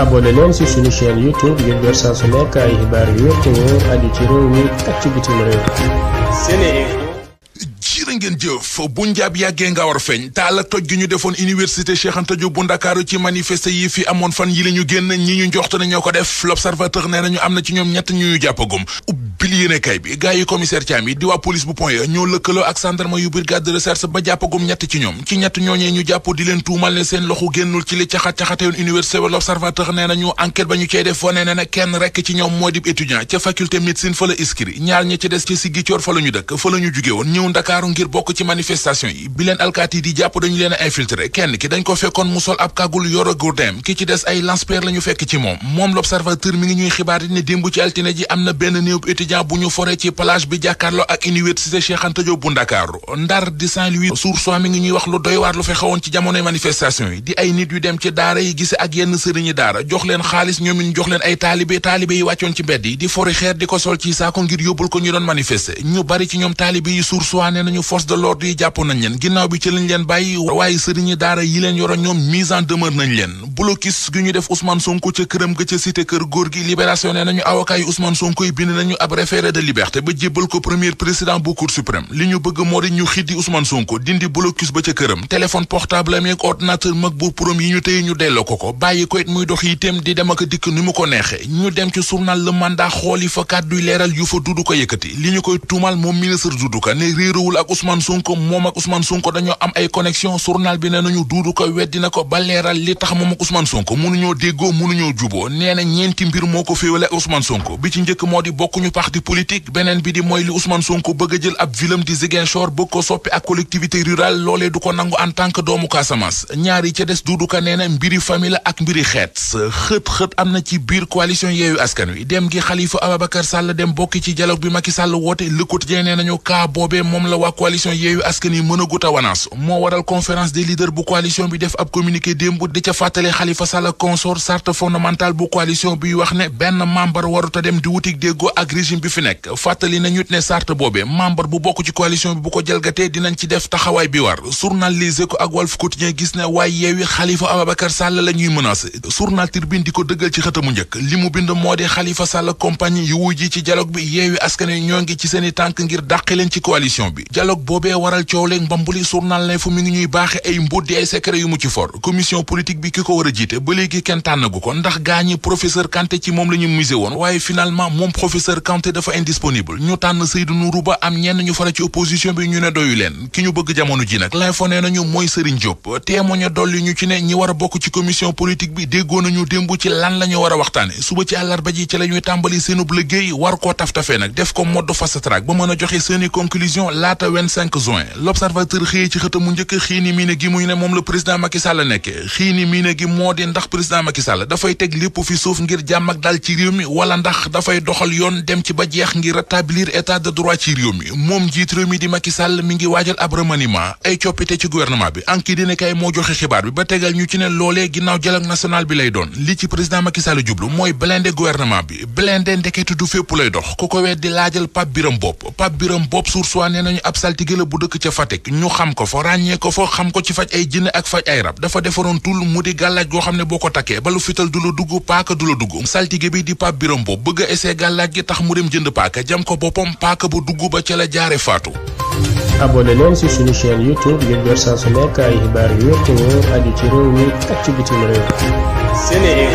abonné leen ci suñu chaîne YouTube ngir door su nekk ay xibaar yu wér te mi ak ci ngeen jëf bu njaab yàggee nga war feeñ taala toj gi ñu defoon université Cheikh bu Ndakaaru ci manifester yi fi amoon fan yi la génn ñi ñu njoxte ne ko def l'observateur nee nañu am na ci ñoom ñett ñu ñu jàppagum ubbil yéene bi gars yi commissaire di waa police bu point ya e ñoo lëkkaloo ak gendarme yu brigade de recherche ba jàppagum ñett ci ñoom ci ñett ñooñee ñu jàpp di leen tuumal ne seen loxo génnul ci li caxat-caxate yoon université bokk ci manifestation yi bi leen alkaati di jàpp dañu leen a infiltré kenn ki dañ ko fekkoon mu sol ab kagul yoro gourdin ki ci des ay lance-pierre la ñu fekk ci moom moom l'observateur mi ngi ñuy xibaar ne démb ci altine ji am na benn néew étudiant bu ñu foree ci plage bi jàkkaarloo ak université Cheikh Anta Diop bu Ndakaaru Ndar di Saint-Louis Source A mi ngi ñuy wax lu doy waar lu fe xewoon ci jamonoy manifestation yi di ay nit yu dem ci daara yi jox leen xaalis ñoom ñu jox leen ay taalibe taalibe yi wàccoon ci mbedd yi di fori xeer di ko ñu doon manifester ñu bari ci ñoom force de l'ordre yi jàpp nañ leen ginnaaw bi ci lañ leen bàyyi waaye sëriñi daara yi leen yoroon ñoom mise en demeure nañ leen blocus gi ñu def Ousmane Sonko ca këram ga ca cité kër góor gi libération ne nañu avocat yi Ousmane Sonko yi bind ba jébbal ko premier président bu cour suprême li ñu bëgg moo ñu xiddi Ousmane Sonko dindi blocus ba ca këram téléphone portable am ordinateur mag bu prom yi ñu tey ñu delloo ko ko bàyyi ko it muy dox itam di dem ak dikk ni mu ko neexe ñu dem ci journal Le Mandat xooli fa kàdduy leeral yu fa dudu ko yëkkati li ñu koy tuumal moom ministre dudu ka ne réeruwul ak Ousmane Ousmane Sonko moom ak Ousmane Sonko dañoo am ay connexion journal bi nee nañu duudu ko weddi ko ba leeral li tax moom ak Ousmane Sonko mënuñoo déggoo mënuñoo juboo nee ñeenti mbir moo ko féewale ak Ousmane bi ci njëkk moo di bokkuñu parti politique beneen bi di mooy li Ousmane Sonko bëgg jël ab vilam di Ziguinchor bëgg ko soppi ak collectivité rurale loolee du ko nangu en tant doomu Casamance ñaari ca des duudu ko nee mbiri famille ak mbiri xeet xët xët am na coalition yeeyu askan yi mën a wanaas moo waral conférence des leaders bu coalition bi def ab communiqué démb di ca fàttale Khalifa Sall ak consort charte fondamentale bu coalition bi wax ne benn membre waruta dem di wutik déggoo ak régime bi fi nekk fàttali nañu ne charte boobe membre bu bokk ci coalition bi bu ko jalgatee dinañ ci def taxawaay bi war journal Les ko ak Walf Quotidien gis ne waaye yeewi Khalifa Ababacar Sall la ñuy menacé journal Tribune di ko dëggal ci xëtamu njëkk li mu bind moo di Khalifa Sall compagnie yu wuj ji ci dialogue bi yeewi askan yi ñoo ngi ci seeni tànk ngir dàqi leen ci coalition bi dialogue dialogue boobee waral coow leeg mbambuli journal ne fu mi ngi ñuy baaxe ay mbóot ay secret yu mu ci for commission politique bi ki ko war a jiite ba léegi kenn tànnagu ko ndax gaañi professeur Kanté ci moom la ñu woon waaye finalement moom professeur Kanté dafa indisponible ñu tànn Seydou Nourou Ba am ñenn ñu fara ci opposition bi ñu ne doyu leen ki ñu bëgg jamono ji nag lay fone nañu mooy Serigne Diop téemoña dolli ñu ci ne ñi war bokk ci commission politique bi déggoo nañu démb ci lan ñu war a waxtaane suba ci àllarba ji ci la ñuy tàmbali seenub liggéey war koo def ko mode fast track laata wen 25 juin l'observateur xëyee ci xët mu njëkk xiini ni miine gi muy ne moom la président Macky Sall nekkee xii ni miine gi moo di ndax président Macky Sall dafay teg lépp fi suuf ngir jàmm ak dal ci réew mi wala ndax dafay doxal yoon dem ci ba jeex ngir rétablir état de droit ci réew mi moom jiit réew mi di Macky Sall mi ngi waajal ab remaniement ay coppite ci gouvernement bi anki dina moo joxe xibaar bi ba tegal ñu ci ne loole ginnaaw dialogue national bi lay doon li ci président Macky Sall jublu mooy blindé gouvernement bi blindé ndekete du fépp lay dox ku ko weddi laajal Biram Bopp Pape Biram Bopp nee nañu ab politique la bu dëkk ca Fatick ñu xam ko fa ràññee ko fa xam ko ci faj ay jinne ak faj ay rab dafa defaroon tul mu di gàllaaj goo xam ne boo ko takkee balu fital du la dugg paaka du la dugg saltige bi di Pape Biram Mbow bëgg a essayer gàllaaj gi tax mu dem jënd paaka jam ko boppam paaka bu dugg ba ca la jaare faatu abonné leen ci suñu chaîne youtube ngir jot saa su nekk ay xibaar yu wér te wóor ci réew mi ak bitim réew